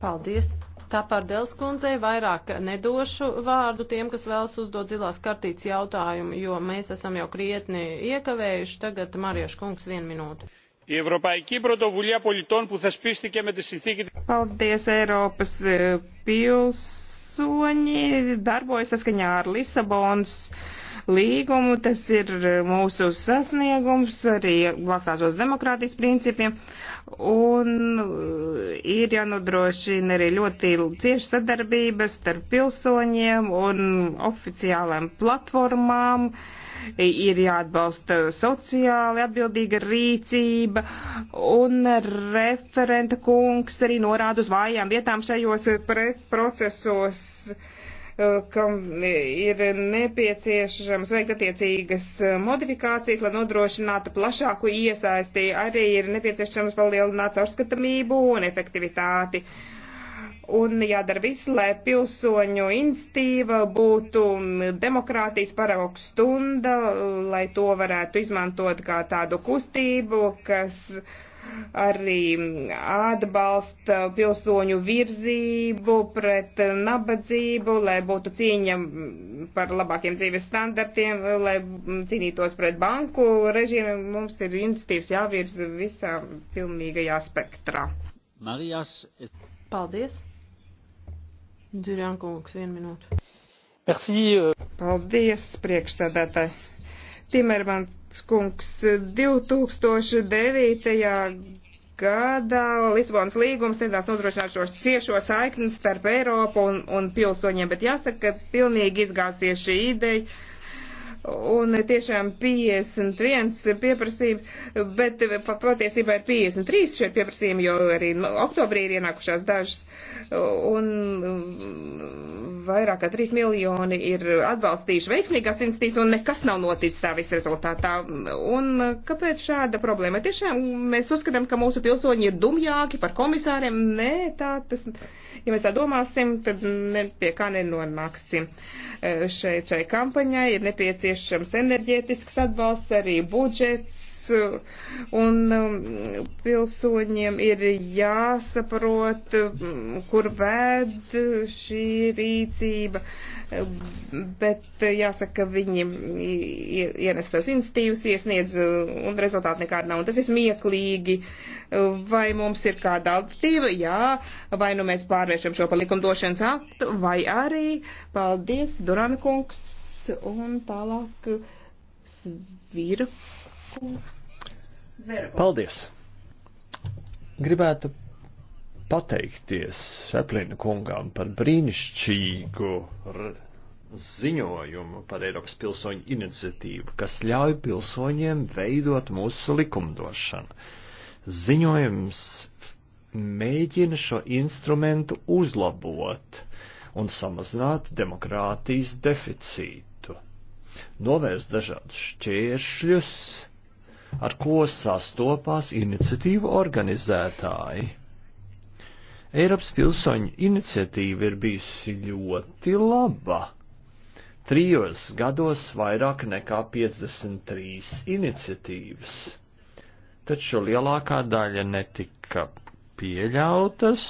Paldies. Tāpārdēls kundzei vairāk nedošu vārdu tiem, kas vēlas uzdot zilās kartītes jautājumu, jo mēs esam jau krietni iekavējuši. Tagad Mariešu kungs vienu minūtu. Η Ευρωπαϊκή Πρωτοβουλία Πολιτών που θεσπίστηκε με τη συνθήκη. Paldies, Eiropas eh, pils pilsoņi darbojas saskaņā ar Lisabonas līgumu, tas ir mūsu sasniegums, arī balstās uz demokrātijas principiem, un uh, ir jānodrošina arī ļoti cieša sadarbības starp pilsoņiem un oficiālām platformām. Uh, ir jāatbalsta sociāli atbildīga rīcība, un referenta kungs arī norāda uz vājām vietām šajos procesos eh, kam ir nepieciešams veikt attiecīgas eh, modifikācijas, lai nodrošinātu plašāku iesaisti. Arī ir nepieciešams palielināt caurskatamību un efektivitāti. Uh, un jādara viss, lai pilsoņu institīva būtu demokrātijas paraugs stunda, lai to varētu izmantot kā tādu kustību, kas arī atbalsta pilsoņu virzību pret nabadzību, lai būtu cīņa par labākiem dzīves standartiem, lai cīnītos pret banku režīmu. Mums ir institīvs jāvirza visā pilnīgajā spektrā. Marijas. Paldies! Dzirjankungs, vienu minūtu. Merci. Euh. Paldies, priekšsēdētāji. Timermans kungs, 2009. gadā Lisbonas līgums centās nodrošināt šo ciešo saikni starp Eiropu un, un pilsoņiem, bet jāsaka, ka pilnīgi izgāzies šī ideja un tiešām 51 pieprasījums, bet patiesībā ir 53 šie pieprasījumi, jo arī oktobrī ir ienākušās dažas, un mm, vairāk kā 3 miljoni ir atbalstījuši veiksmīgās institūcijas, un nekas nav noticis tā viss rezultātā. Un kāpēc šāda problēma? Tiešām mēs uzskatām, ka mūsu pilsoņi ir dumjāki par komisāriem. Nē, tā tas. Ja mēs tā domāsim, tad ne, pie kā nenonāksim. Šai, šai kampaņai ir nepieciešams enerģētisks atbalsts, arī budžets, un um, pilsoņiem ir jāsaprot, um, kur vēd šī rīcība, bet uh, jāsaka, viņi ienes tas institīvas, iesniedz uh, un rezultāti nekāda nav. Un tas ir smieklīgi. Vai mums ir kāda alternatīva? Jā, vai nu mēs pārvēršam šo par likumdošanas aktu, vai arī, paldies, Durankungs, un tālāk svīra kungs. Paldies! Gribētu pateikties Šeplina kungām par brīnišķīgu ziņojumu par Eiropas pilsoņu iniciatīvu, kas ļauj pilsoņiem veidot mūsu likumdošanu. Ziņojums mēģina šo instrumentu uzlabot un samazināt demokrātijas deficītu, novērst dažādus šķēršļus, ar ko sastopās iniciatīvu organizētāji. Eiropas pilsoņu iniciatīva ir bijusi ļoti laba. Trijos gados vairāk nekā 53 iniciatīvas, taču lielākā daļa netika pieļautas,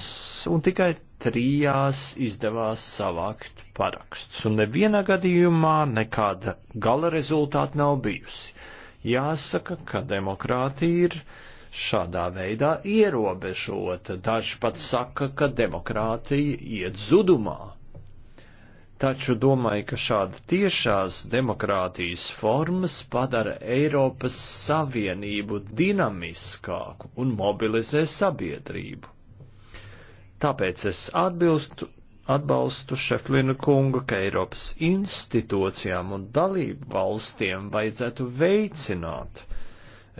un tikai trijās izdevās savākt parakstus, un nevienā gadījumā nekāda gala rezultāta nav bijusi. Jāsaka, ka demokrātija ir šādā veidā ierobežota. Daži pat saka, ka demokrātija iet zudumā. Taču domāju, ka šāda tiešās demokrātijas formas padara Eiropas Savienību dinamiskāku un mobilizē sabiedrību. Tāpēc es atbilstu atbalstu Šeflina kunga, ka Eiropas institūcijām un dalību valstiem vajadzētu veicināt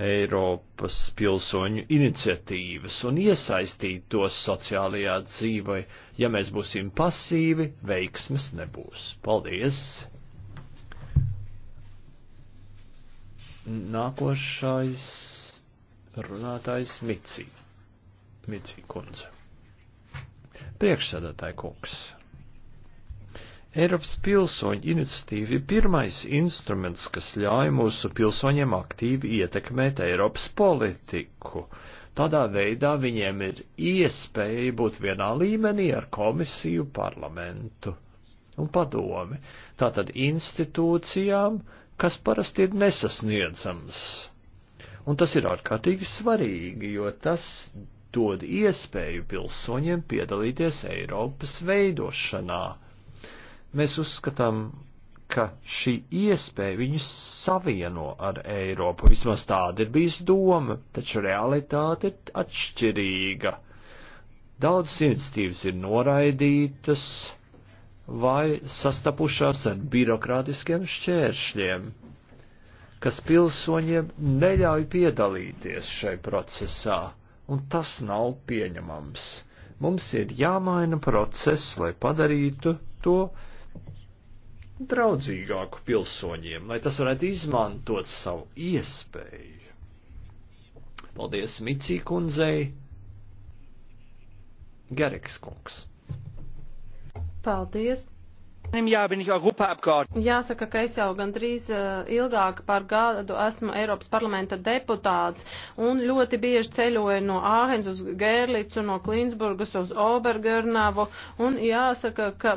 Eiropas pilsoņu iniciatīvas un iesaistīt tos sociālajā dzīvē. Ja mēs būsim pasīvi, veiksmes nebūs. Paldies! Nākošais runātājs Mici. Mici kundze. Priekšsēdētāji kungs. Eiropas pilsoņu iniciatīva ir pirmais instruments, kas ļauj mūsu pilsoņiem aktīvi ietekmēt Eiropas politiku. Tādā veidā viņiem ir iespēja būt vienā līmenī ar komisiju, parlamentu un padomi, tātad institūcijām, kas parasti ir nesasniedzams. Un tas ir ārkārtīgi svarīgi, jo tas dod iespēju pilsoņiem piedalīties Eiropas veidošanā. Mēs uzskatām, ka šī iespēja viņus savieno ar Eiropu. Vismaz tāda ir bijis doma, taču realitāte ir atšķirīga. Daudzas iniciatīvas ir noraidītas vai sastapušās ar birokrātiskiem šķēršļiem, kas pilsoņiem neļauj piedalīties šai procesā un tas nav pieņemams. Mums ir jāmaina process, lai padarītu to draudzīgāku pilsoņiem, lai tas varētu izmantot savu iespēju. Paldies Micī kundzei, Geriks kungs. Paldies! Jāsaka, ka es jau gandrīz eh, ilgāk par gadu esmu Eiropas parlamenta deputāts un ļoti bieži ceļoju no Āhens uz Gērlicu, no Klinsburgas uz Obergernavu. Un jāsaka, ka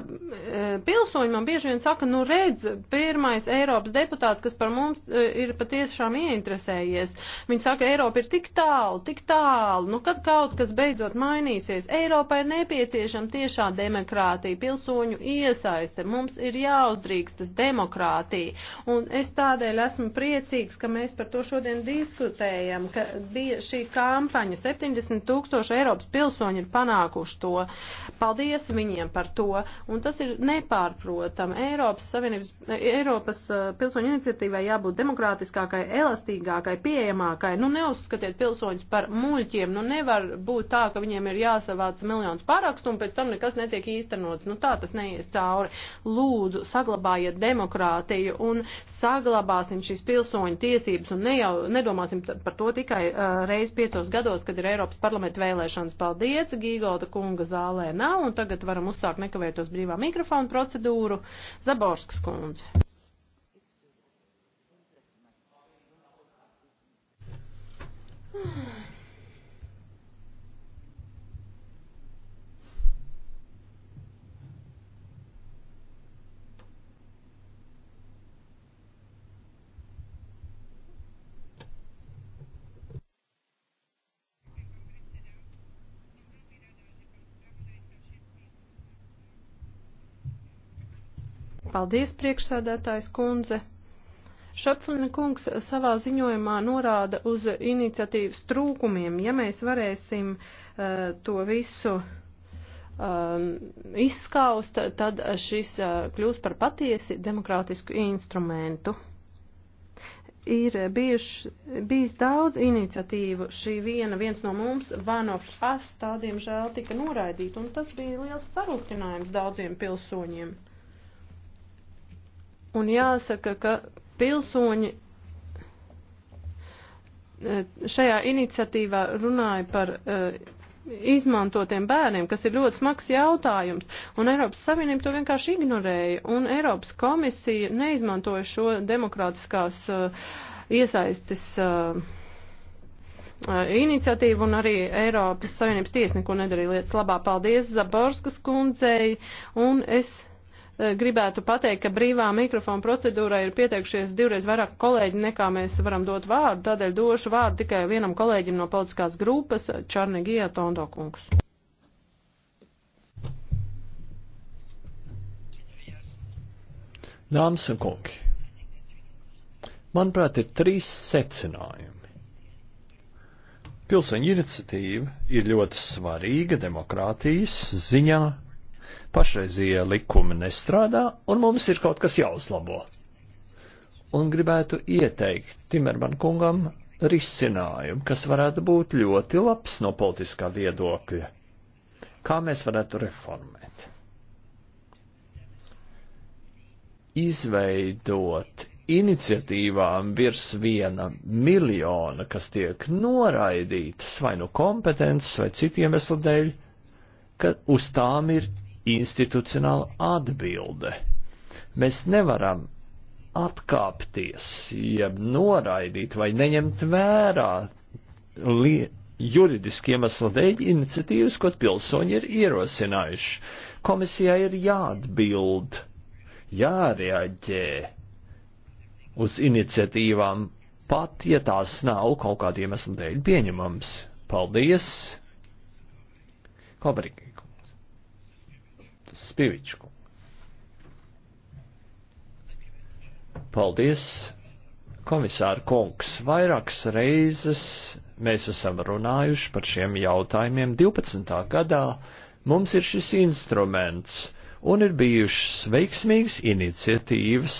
eh, pilsoņi man bieži vien saka, nu redz, pirmais Eiropas deputāts, kas par mums eh, ir patiešām ieinteresējies. Viņi saka, Eiropa ir tik tālu, tik tālu. Nu, kad kaut kas beidzot mainīsies, Eiropai ir nepieciešama tiešā demokrātija, pilsoņu iesaiste demokrāte. Mums ir jāuzdrīkstas demokrātija. Un es tādēļ esmu priecīgs, ka mēs par to šodien diskutējam, ka bija šī kampaņa. 70 tūkstoši Eiropas pilsoņi ir panākuši to. Paldies viņiem par to. Un tas ir nepārprotam. Eiropas, Savienības, Eiropas eh, pilsoņu iniciatīvai jābūt demokrātiskākai, elastīgākai, pieejamākai. Nu, neuzskatiet pilsoņus par muļķiem. Nu, nevar būt tā, ka viņiem ir jāsavāc miljonus parakstu un pēc tam nekas netiek īstenots. Nu, tā tas neies cauri. Lūdzu, saglabājiet demokrātiju un saglabāsim šīs pilsoņu tiesības un ne jau, nedomāsim par to tikai uh, reiz piecos gados, kad ir Eiropas parlamenta vēlēšanas. Paldies, Gīgolda kunga zālē nav un tagad varam uzsākt nekavētos brīvā mikrofonu procedūru. Zaborskas kundze. Hmm. Paldies, priekšsēdētājs kundze. Šapflina kungs savā ziņojumā norāda uz iniciatīvas trūkumiem. Ja mēs varēsim uh, to visu ehm, izskaust, tad šis eh, kļūs par patiesi demokrātisku instrumentu. Ir bijuši, bijis daudz iniciatīvu. Šī viena, viens no mums, Vanov As, tādiem žēl tika noraidīta, un tas bija liels sarūktinājums daudziem pilsoņiem. Un jāsaka, ka pilsoņi e, šajā iniciatīvā runāja par e, izmantotiem bērniem, kas ir ļoti smags jautājums, un Eiropas Savienība to vienkārši ignorēja, un Eiropas komisija neizmantoja šo demokrātiskās uh, e, iesaistis uh, iniciatīvu un arī Eiropas Savienības tiesniku nedarīja lietas labā. Paldies Zaborskas kundzei, un es Eh, gribētu pateikt, ka brīvā mikrofona procedūrā ir pieteikušies divreiz vairāk kolēģi, nekā mēs varam dot vārdu, tādēļ došu vārdu tikai vienam kolēģim no politiskās grupas, eh, Čarnigija Tondokungs. Dāmas un kungi, manuprāt, ir trīs secinājumi. Pilsoņu iniciatīva ir ļoti svarīga demokrātijas ziņā, Pašreizie likumi nestrādā, un mums ir kaut kas jāuzlabo. Un gribētu ieteikt Timerman kungam risinājumu, kas varētu būt ļoti labs no politiskā viedokļa. Kā mēs varētu reformēt? Izveidot iniciatīvām virs viena miljona, kas tiek noraidītas vai nu kompetences vai citiem eslu dēļ, ka uz tām ir institucionāla atbilde. Mēs nevaram atkāpties, jeb noraidīt vai neņemt vērā juridiski iemeslu dēļ iniciatīvas, ko pilsoņi ir ierosinājuši. Komisijai ir jāatbild, jārēģē uz iniciatīvām, pat ja tās nav kaut kādiem iemeslu dēļ pieņemams. Paldies! Kobrīgi! Spivičku. Paldies, komisāra kungs. Vairākas reizes mēs esam runājuši par šiem jautājumiem. 12. gadā mums ir šis instruments un ir bijušas veiksmīgas iniciatīvas,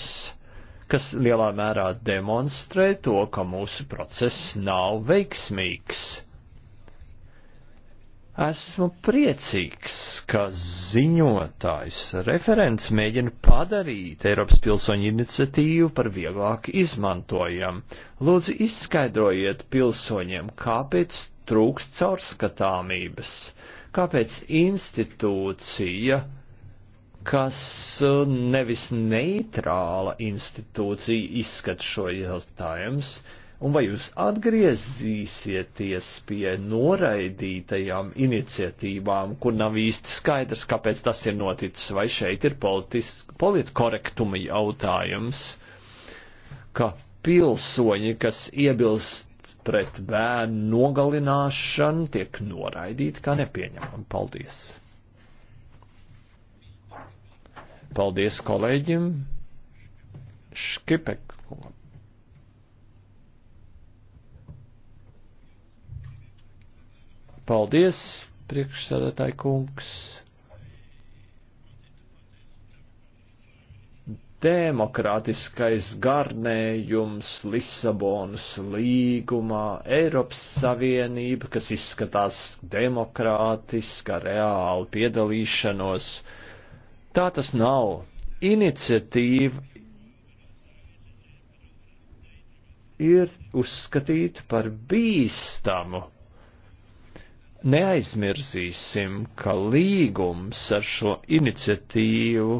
kas lielā mērā demonstrē to, ka mūsu process nav veiksmīgs Esmu priecīgs, ka ziņotājs referents mēģina padarīt Eiropas pilsoņu iniciatīvu par vieglāk izmantojam. Lūdzu, izskaidrojiet pilsoņiem, kāpēc trūkst caurskatāmības, kāpēc institūcija, kas uh, nevis neitrāla institūcija, izskat šo jautājumus, un vai jūs atgriezīsieties pie noraidītajām iniciatīvām, kur nav īsti skaidrs, kāpēc tas ir noticis, vai šeit ir politkorektuma jautājums, ka pilsoņi, kas iebilst pret bērnu nogalināšanu, tiek noraidīti kā nepieņemami. Paldies! Paldies kolēģim Škipekam! Paldies, priekšsēdētāji kungs. Demokrātiskais garnējums Lisabonas līgumā, Eiropas Savienība, kas izskatās demokrātiska, reāli piedalīšanos. Tā tas nav. Iniciatīva ir uzskatīta par bīstamu neaizmirsīsim, ka līgums ar šo iniciatīvu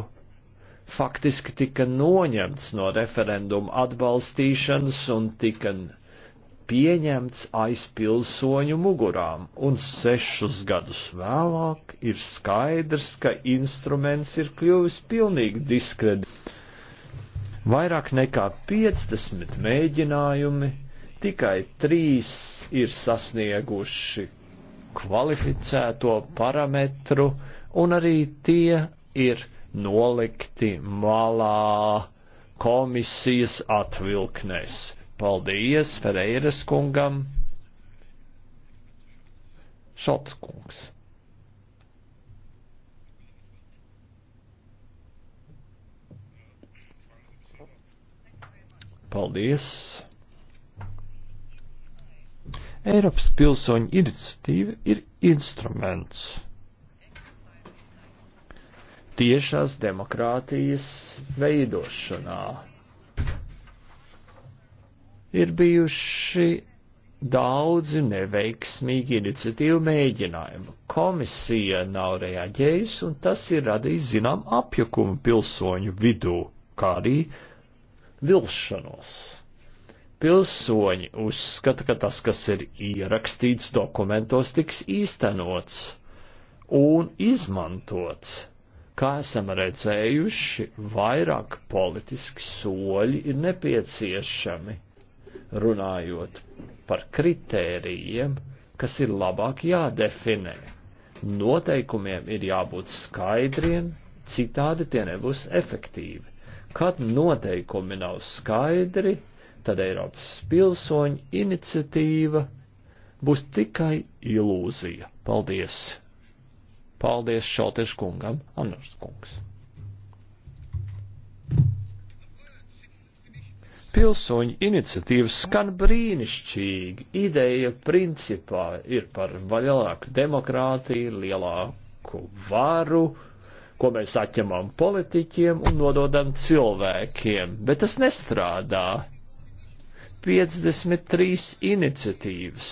faktiski tika noņemts no referenduma atbalstīšanas un tika pieņemts aiz pilsoņu mugurām, un sešus gadus vēlāk ir skaidrs, ka instruments ir kļuvis pilnīgi diskreditēts. Vairāk nekā 50 mēģinājumi, tikai trīs ir sasnieguši kvalificēto parametru, un arī tie ir nolikti malā komisijas atvilknēs. Paldies Ferreiras kungam! Šalts kungs! Paldies! Eiropas pilsoņu iniciatīva ir instruments tiešās demokrātijas veidošanā. Ir bijuši daudzi neveiksmīgi iniciatīvu mēģinājumi. Komisija nav reaģējusi, un tas ir radījis zinām apjukumu pilsoņu vidū, kā arī vilšanos pilsoņi uzskata, ka tas, kas ir ierakstīts dokumentos, tiks īstenots un izmantots. Kā esam redzējuši, vairāk politiski soļi ir nepieciešami, runājot par kritērijiem, kas ir labāk jādefinē. Noteikumiem ir jābūt skaidriem, citādi tie nebūs efektīvi. Kad noteikumi nav skaidri, tad Eiropas pilsoņu iniciatīva būs tikai ilūzija. Paldies! Paldies Šaltešu kungam, Annars kungs! Pilsoņu iniciatīvas skan brīnišķīgi. Ideja principā ir par vairāku demokrātiju, lielāku varu, ko mēs atņemam politiķiem un nododam cilvēkiem, bet tas nestrādā. 53 iniciatīvas,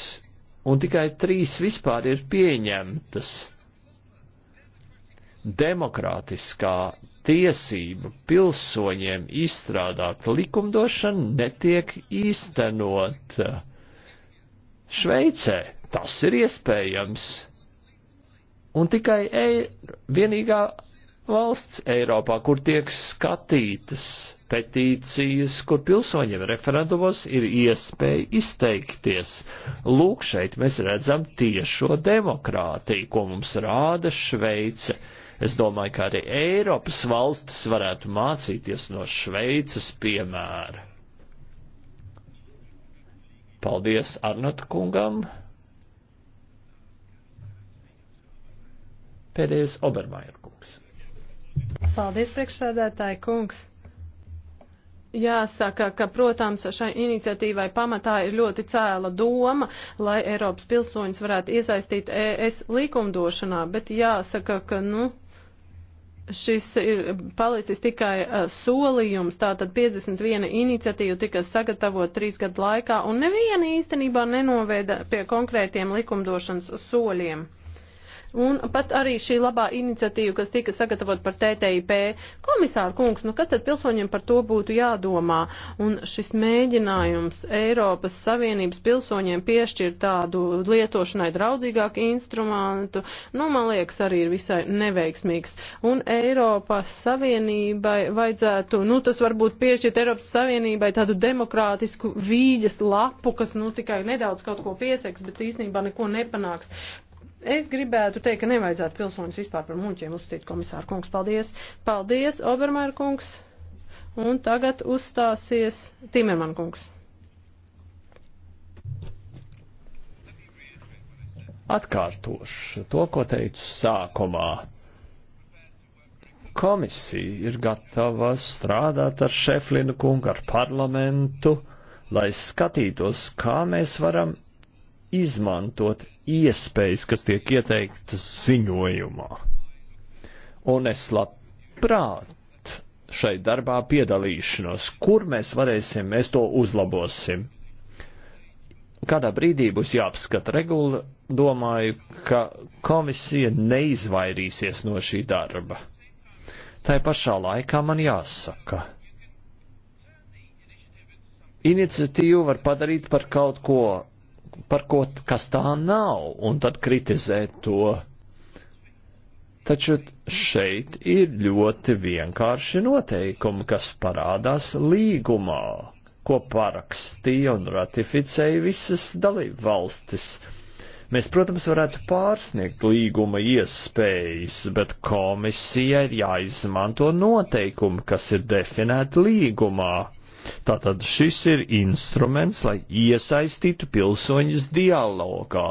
un tikai trīs vispār ir pieņemtas. Demokrātiskā tiesība pilsoņiem izstrādāt likumdošanu netiek īstenota. Šveicē tas ir iespējams. Un tikai e vienīgā valsts Eiropā, kur tiek skatītas petīcijas, kur pilsoņiem referendumos ir iespēja izteikties. Lūk, šeit mēs redzam tiešo demokrātiju, ko mums rāda Šveice. Es domāju, ka arī Eiropas valstis varētu mācīties no Šveices piemēra. Paldies Arnot kungam. Pēdējais Obermajer kungs. Paldies, priekšsēdētāji kungs. Jāsaka, ka, protams, šai iniciatīvai pamatā ir ļoti cēla doma, lai Eiropas pilsoņus varētu iesaistīt ES likumdošanā, bet jāsaka, ka, nu, šis ir palicis tikai solījums, tātad 51 iniciatīva tika sagatavot trīs gadu laikā, un neviena īstenībā nenoveda pie konkrētiem likumdošanas soļiem. Un pat arī šī labā iniciatīva, kas tika sagatavot par TTIP, komisāra kungs, nu kas tad pilsoņiem par to būtu jādomā? Un šis mēģinājums Eiropas Savienības pilsoņiem piešķirt tādu lietošanai draudzīgāku instrumentu, nu man liekas arī ir visai neveiksmīgs. Un Eiropas Savienībai vajadzētu, nu tas varbūt piešķirt Eiropas Savienībai tādu demokrātisku vīģes lapu, kas nu tikai nedaudz kaut ko pieseks, bet īstenībā neko nepanāks. Es gribētu teikt, ka nevajadzētu pilsoņus vispār par muļķiem uzstīt komisāru kungs. Paldies! Paldies, Obermair kungs! Un tagad uzstāsies Timerman kungs. Atkārtošu to, ko teicu sākumā. Komisija ir gatava strādāt ar Šeflinu kungu, ar parlamentu, lai skatītos, kā mēs varam izmantot iespējas, kas tiek ieteiktas ziņojumā. Un es labprāt šai darbā piedalīšanos, kur mēs varēsim, mēs to uzlabosim. Kādā brīdī būs jāapskata regula, domāju, ka komisija neizvairīsies no šī darba. Tā pašā laikā man jāsaka. Iniciatīvu var padarīt par kaut ko par ko, kas tā nav, un tad kritizēt to. Taču šeit ir ļoti vienkārši noteikumi, kas parādās līgumā, ko parakstīja un ratificēja visas dalību valstis. Mēs, protams, varētu pārsniegt līguma iespējas, bet komisija ir jāizmanto noteikumi, kas ir definēti līgumā Tātad šis ir instruments, lai iesaistītu pilsoņus dialogā.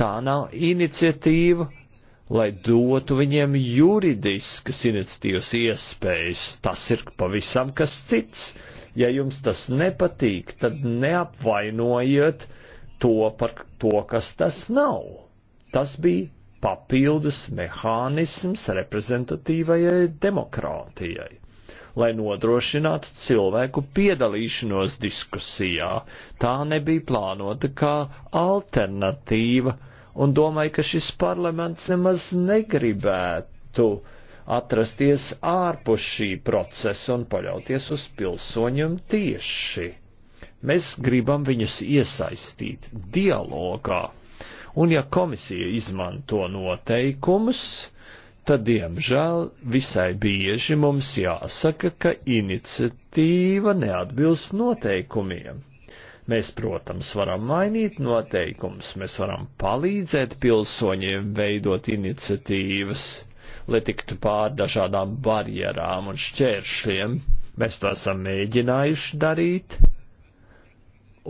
Tā nav iniciatīva, lai dotu viņiem juridiskas iniciatīvas iespējas. Tas ir pavisam kas cits. Ja jums tas nepatīk, tad neapvainojiet to par to, kas tas nav. Tas bija papildus mehānisms reprezentatīvajai demokrātijai lai nodrošinātu cilvēku piedalīšanos diskusijā. Tā nebija plānota kā alternatīva, un domāju, ka šis parlaments nemaz negribētu atrasties ārpus šī procesa un paļauties uz pilsoņiem tieši. Mēs gribam viņus iesaistīt dialogā, un ja komisija izmanto noteikumus, tad, diemžēl, visai bieži mums jāsaka, ka iniciatīva neatbilst noteikumiem. Mēs, protams, varam mainīt noteikumus, mēs varam palīdzēt pilsoņiem veidot iniciatīvas, lai tiktu pār dažādām barjerām un šķēršļiem. Mēs to esam mēģinājuši darīt,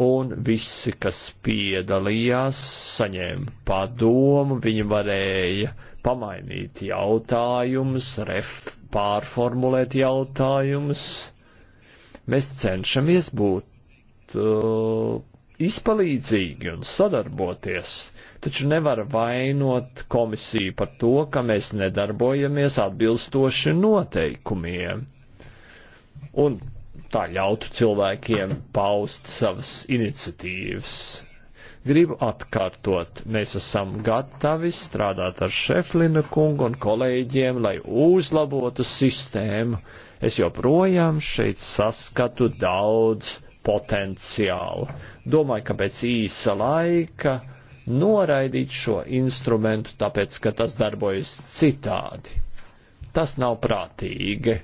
un visi, kas piedalījās, saņēma padomu, viņi varēja pamainīt jautājumus, ref, pārformulēt jautājumus. Mēs cenšamies būt uh, izpalīdzīgi un sadarboties, taču nevar vainot komisiju par to, ka mēs nedarbojamies atbilstoši noteikumiem. Un tā ļautu cilvēkiem paust savas iniciatīvas Gribu atkārtot, mēs esam gatavi strādāt ar Šeflina kungu un kolēģiem, lai uzlabotu sistēmu. Es joprojām šeit saskatu daudz potenciālu. Domāju, ka pēc īsa laika noraidīt šo instrumentu, tāpēc, ka tas darbojas citādi. Tas nav prātīgi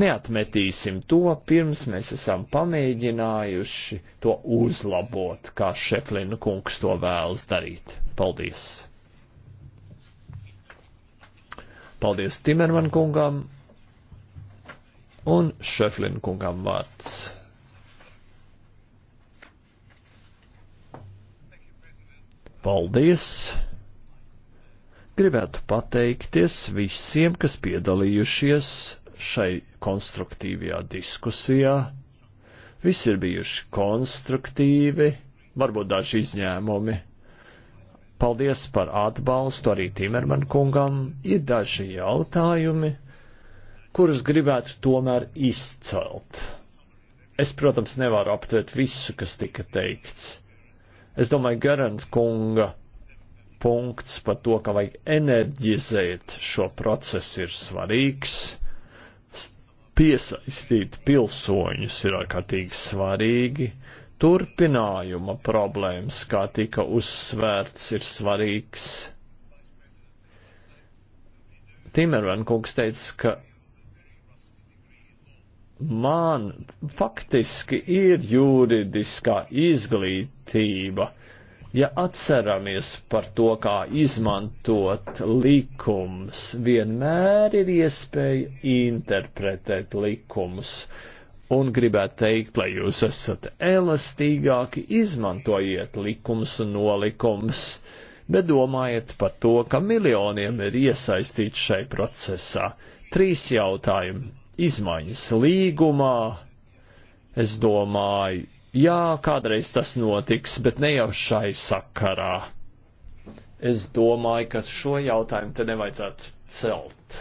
Neatmetīsim to, pirms mēs esam pamēģinājuši to uzlabot, kā Šeflina kungs to vēlas darīt. Paldies! Paldies Timerman kungam un Šeflina kungam vārds. Paldies! Gribētu pateikties visiem, kas piedalījušies šai konstruktīvajā diskusijā. Visi ir bijuši konstruktīvi, varbūt daži izņēmumi. Paldies par atbalstu arī Timerman kungam. Ir daži jautājumi, kurus gribētu tomēr izcelt. Es, protams, nevaru aptvert visu, kas tika teikts. Es domāju, Gerants kunga punkts par to, ka vajag enerģizēt šo procesu ir svarīgs piesaistīt pilsoņus ir ārkārtīgi svarīgi. Turpinājuma problēmas, kā tika uzsvērts, ir svarīgs. Timervenkungs teica, ka man faktiski ir juridiskā izglītība, uh, Ja atceramies par to, kā izmantot likums, vienmēr ir iespēja interpretēt likumus. Un gribētu teikt, lai jūs esat elastīgāki, izmantojiet likums un nolikums, bet domājiet par to, ka miljoniem ir iesaistīti šai procesā. Trīs jautājumi. Izmaiņas līgumā, es domāju, Jā, kādreiz tas notiks, bet ne jau šai sakarā. Es domāju, ka šo jautājumu te nevajadzētu celt.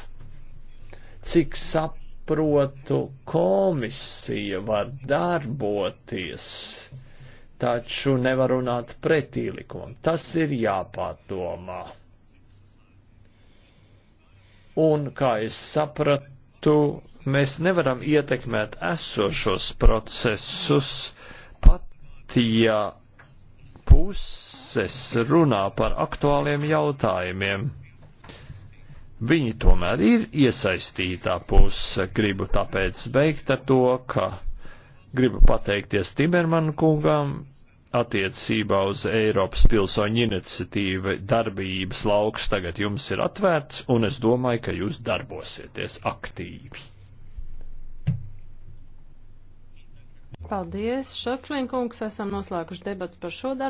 Cik saprotu, komisija var darboties, taču nevar runāt pretī likumam. Tas ir jāpārdomā. Un, kā es sapratu, mēs nevaram ietekmēt esošos procesus, ja puses runā par aktuāliem jautājumiem, viņi tomēr ir iesaistītā puse. Gribu tāpēc beigt ar to, ka gribu pateikties Timerman kungam attiecībā uz Eiropas pilsoņu iniciatīvu darbības lauks tagad jums ir atvērts, un es domāju, ka jūs darbosieties aktīvi. Paldies, Šeflin kungs, esam noslēguši debats par šo darbu.